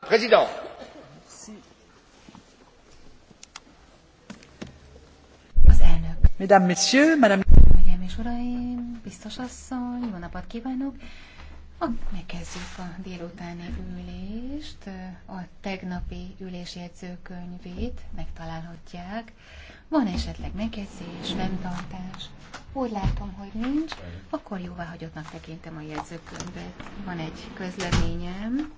Président. Mesdames, messieurs, madame... Hölgyeim és uraim, biztos asszony, jó napot kívánok! Megkezdjük a délutáni ülést. A tegnapi ülésjegyzőkönyvét megtalálhatják. Van esetleg megjegyzés, fenntartás? Úgy látom, hogy nincs. Akkor hagyottnak tekintem a jegyzőkönyvet. Van egy közleményem.